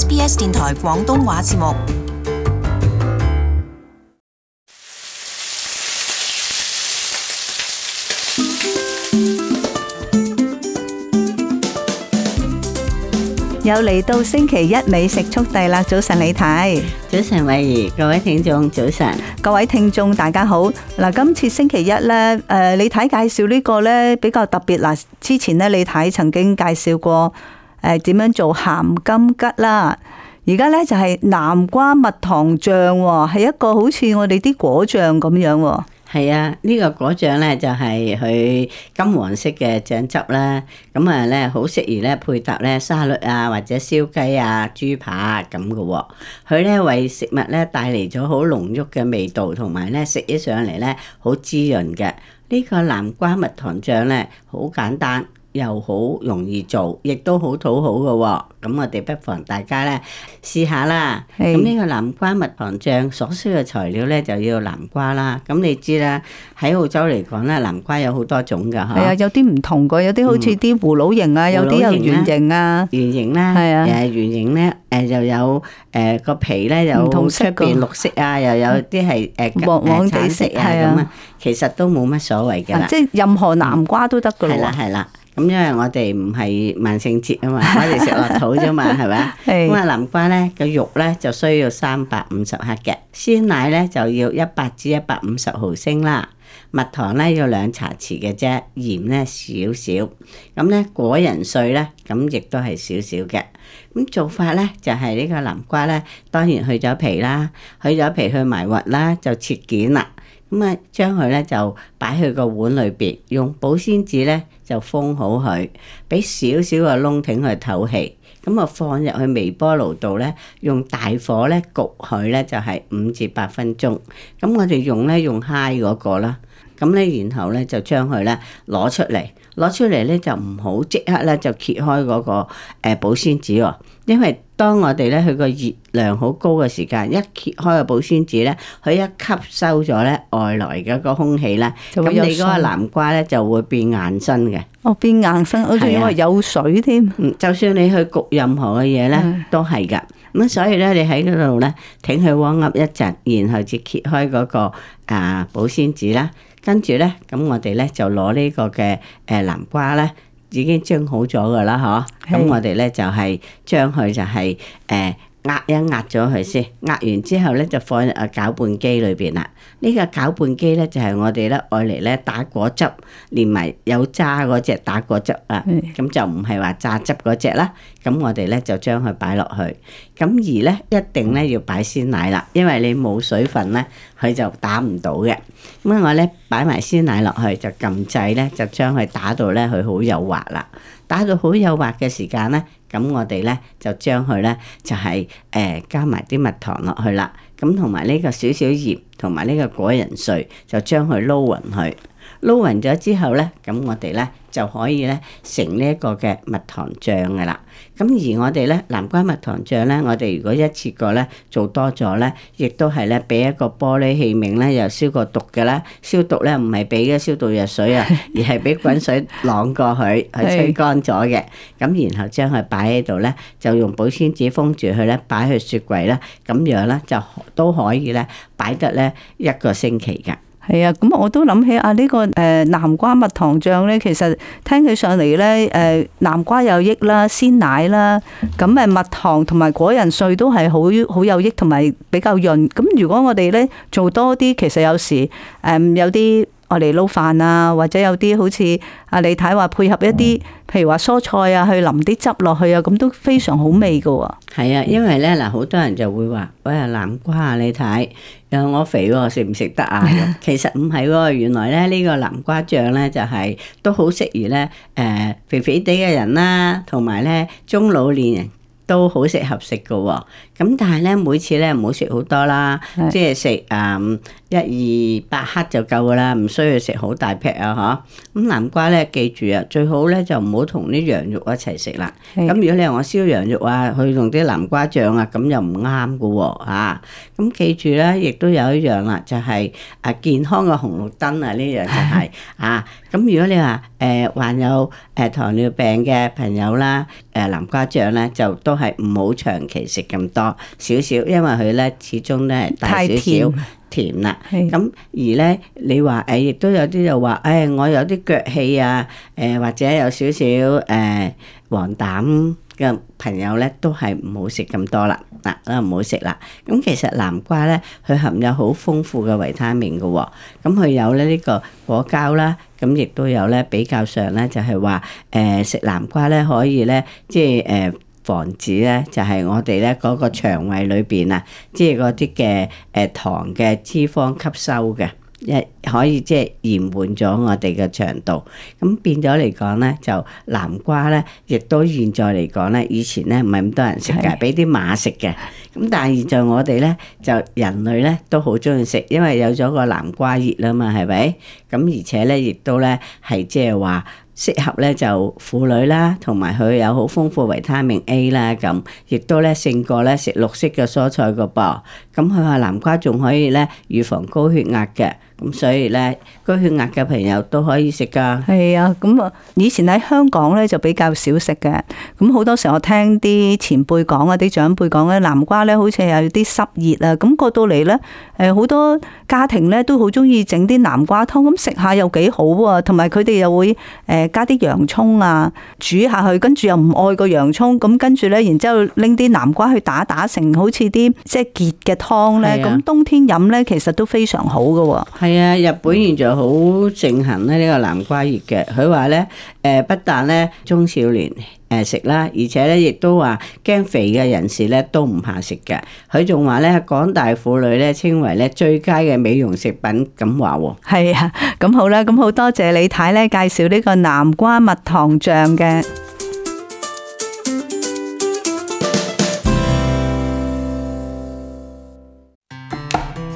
SBS 電台廣東話節目，又嚟到星期一美食速遞啦！早晨李太，早晨偉儀，各位聽眾早晨，各位聽眾大家好。嗱，今次星期一咧，誒，李太介紹呢個咧比較特別。嗱，之前咧李太曾經介紹過。誒點樣做鹹金桔啦？而家咧就係南瓜蜜糖醬喎，係一個好似我哋啲果醬咁樣喎。係啊，呢個果醬咧就係佢金黃色嘅醬汁啦。咁啊咧，好適宜咧配搭咧沙律啊，或者燒雞啊、豬扒啊咁嘅喎。佢咧為食物咧帶嚟咗好濃郁嘅味道，同埋咧食起上嚟咧好滋潤嘅。呢個南瓜蜜糖醬咧好簡單。又好容易做，亦都好討好嘅喎。咁我哋不妨大家咧試下啦。咁呢個南瓜蜜糖醬所需嘅材料咧，就要南瓜啦。咁你知啦，喺澳洲嚟講咧，南瓜有好多種嘅。係啊，有啲唔同嘅，有啲好似啲葫蘆形啊，有啲有圓形啊，圓形啦，係啊，誒圓形咧，誒又有誒個皮咧有唔同色嘅，綠色啊，又有啲係誒黃黃哋色啊咁啊。其實都冇乜所謂嘅啦，即係任何南瓜都得嘅。係啦，係啦。咁因為我哋唔係萬聖節啊嘛， 我哋食落肚啫嘛，係咪？咁啊 是，南瓜咧個肉咧就需要三百五十克嘅，鮮奶咧就要一百至一百五十毫升啦，蜜糖咧要兩茶匙嘅啫，鹽咧少少，咁咧果仁碎咧咁亦都係少少嘅。咁做法咧就係呢個南瓜咧，當然去咗皮啦，去咗皮去埋核啦，就切件啦。咁啊，將佢咧就擺去個碗裏邊，用保鮮紙咧就封好佢，俾少少個窿挺去透氣。咁啊，放入去放微波爐度咧，用大火咧焗佢咧就係五至八分鐘。咁我哋用咧用 high 嗰個啦。咁咧，然後咧就將佢咧攞出嚟，攞出嚟咧就唔好即刻咧就揭開嗰個誒保鮮紙喎，因為，當我哋咧，佢個熱量好高嘅時間，一揭開個保鮮紙咧，佢一吸收咗咧外來嘅個空氣啦，咁你個南瓜咧就會變硬身嘅。哦，變硬身，好似因為有水添。嗯，就算你去焗任何嘅嘢咧，都係㗎。咁所以咧，你喺嗰度咧，挺佢汪噏一陣，然後至揭開嗰個啊保鮮紙啦，跟住咧，咁我哋咧就攞呢個嘅誒南瓜咧。已經將好咗㗎喇，吓的，咁我哋咧就係將佢就係、是、誒。呃壓一壓咗佢先，壓完之後咧就放入個攪拌機裏邊啦。呢個攪拌機咧就係我哋咧愛嚟咧打果汁，連埋有渣嗰隻打果汁啊。咁 就唔係話榨汁嗰隻啦。咁我哋咧就將佢擺落去。咁而咧一定咧要擺鮮奶啦，因為你冇水分咧，佢就打唔到嘅。咁我咧擺埋鮮奶落去就撳掣咧，就將佢打到咧佢好幼滑啦。打到好幼滑嘅時間咧，咁我哋咧就將佢咧就係、是、誒、呃、加埋啲蜜糖落去啦，咁同埋呢個少少鹽同埋呢個果仁碎，就將佢撈勻佢。撈匀咗之後咧，咁我哋咧就可以咧成呢一個嘅蜜糖醬㗎喇。咁而我哋咧南瓜蜜糖醬咧，我哋如果一次過咧做多咗咧，亦都係咧俾一個玻璃器皿咧，又消過毒嘅啦。消毒咧唔係俾嘅消毒藥水啊，而係俾滾水啷過去，係吹乾咗嘅。咁然後將佢擺喺度咧，就用保鮮紙封住佢咧，擺去雪櫃啦。咁樣咧就都可以咧擺得咧一個星期㗎。係啊，咁我都諗起啊，呢個誒南瓜蜜糖醬咧，其實聽起上嚟咧，誒南瓜有益啦，鮮奶啦，咁誒蜜糖同埋果仁碎都係好好有益，同埋比較潤。咁如果我哋咧做多啲，其實有時誒有啲。我嚟撈飯啊，或者有啲好似阿李太話配合一啲，譬如話蔬菜啊，去淋啲汁落去啊，咁都非常好味噶。係啊、嗯，因為咧嗱，好多人就會話，喂南瓜啊，你睇，有我肥，食唔食得啊？ 其實唔係喎，原來咧呢、這個南瓜醬咧就係、是、都好適宜咧，誒、呃、肥肥哋嘅人啦，同埋咧中老年人都好適合食噶。咁但係咧，每次咧唔好食好多啦，即係食啊一二百克就夠噶啦，唔需要食好大劈啊！嗬、啊。咁南瓜咧，記住啊，最好咧就唔好同啲羊肉一齊食啦。咁的如果你話我燒羊肉啊，去用啲南瓜醬啊，咁又唔啱噶喎啊！咁、啊、記住咧，亦都有一樣啦、啊，就係、是、啊健康嘅紅綠燈啊，呢樣就係、是、的啊。咁如果你話誒、呃、患有誒糖尿病嘅朋友啦，誒、呃、南瓜醬咧就都係唔好長期食咁多。少少，因為佢咧始終咧大少，少太甜啦。咁而咧，你話誒，亦都有啲就話，誒，我有啲腳氣啊，誒，或者有少少誒、呃、黃疸嘅朋友咧，都係唔好食咁多啦。嗱，咁啊唔好食啦。咁其實南瓜咧，佢含有好豐富嘅維他命噶、哦。咁佢有咧呢個果膠啦，咁亦都有咧比較上咧，就係話誒食南瓜咧可以咧，即係誒。呃防止咧就係我哋咧嗰個腸胃裏邊啊，即係嗰啲嘅誒糖嘅脂肪吸收嘅，一可以即係延緩咗我哋嘅腸道。咁變咗嚟講咧，就南瓜咧，亦都現在嚟講咧，以前咧唔係咁多人食嘅，俾啲的馬食嘅。咁但係現在我哋咧就人類咧都好鍾意食，因為有咗個南瓜熱喇嘛，係咪？咁而且咧，亦都咧係即係話。適合呢就婦女啦，同埋佢有好豐富維他命 A 啦，咁亦都呢勝過呢食綠色嘅蔬菜個噃。咁佢話南瓜仲可以呢預防高血壓嘅。咁所以咧，高，那個，血壓嘅朋友都可以食㗎。係啊，咁啊，以前喺香港咧就比較少食嘅。咁好多時候我聽啲前輩講啊，啲長輩講咧，南瓜咧好似有啲濕熱啊。咁過到嚟咧，誒好多家庭咧都好中意整啲南瓜湯，咁食下又幾好啊。同埋佢哋又會誒加啲洋葱啊，煮下去，跟住又唔愛個洋葱，咁跟住咧，然之後拎啲南瓜去打打，打成好似啲即係結嘅湯咧。咁的冬天飲咧，其實都非常好㗎。係啊，日本現在好盛行咧呢個南瓜葉嘅，佢話咧，誒不但咧中少年誒食啦，而且咧亦都話驚肥嘅人士咧都唔怕食嘅，佢仲話咧廣大婦女咧稱為咧最佳嘅美容食品，咁話喎。係啊，咁好啦，咁好多謝李太咧介紹呢個南瓜蜜糖醬嘅。